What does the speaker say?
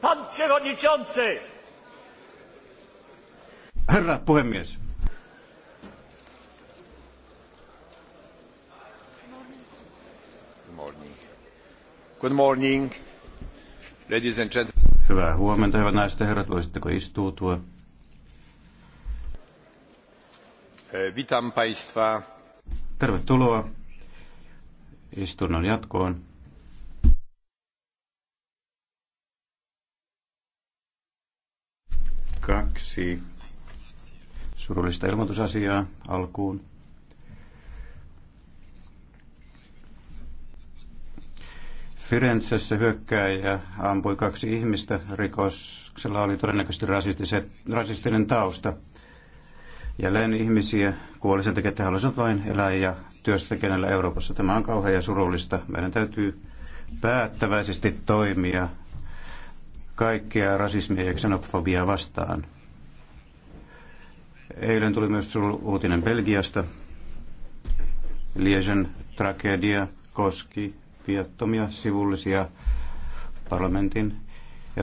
Pan przewodniczący! Herra puhemies. Good morning. Ladies and gentlemen. Hyvää huomenta, hyvät naiset ja herrat. Voisitteko istuutua? Eh, Tervetuloa istunnon jatkoon. kaksi surullista ilmoitusasiaa alkuun. Firenzessä ja ampui kaksi ihmistä. Rikoksella oli todennäköisesti rasistinen tausta. Jälleen ihmisiä kuoli sen takia, että he halusivat vain elää ja työstä kenellä Euroopassa. Tämä on kauhean ja surullista. Meidän täytyy päättäväisesti toimia kaikkea rasismia ja xenofobiaa vastaan. Eilen tuli myös uutinen Belgiasta. Liegen tragedia koski viattomia sivullisia parlamentin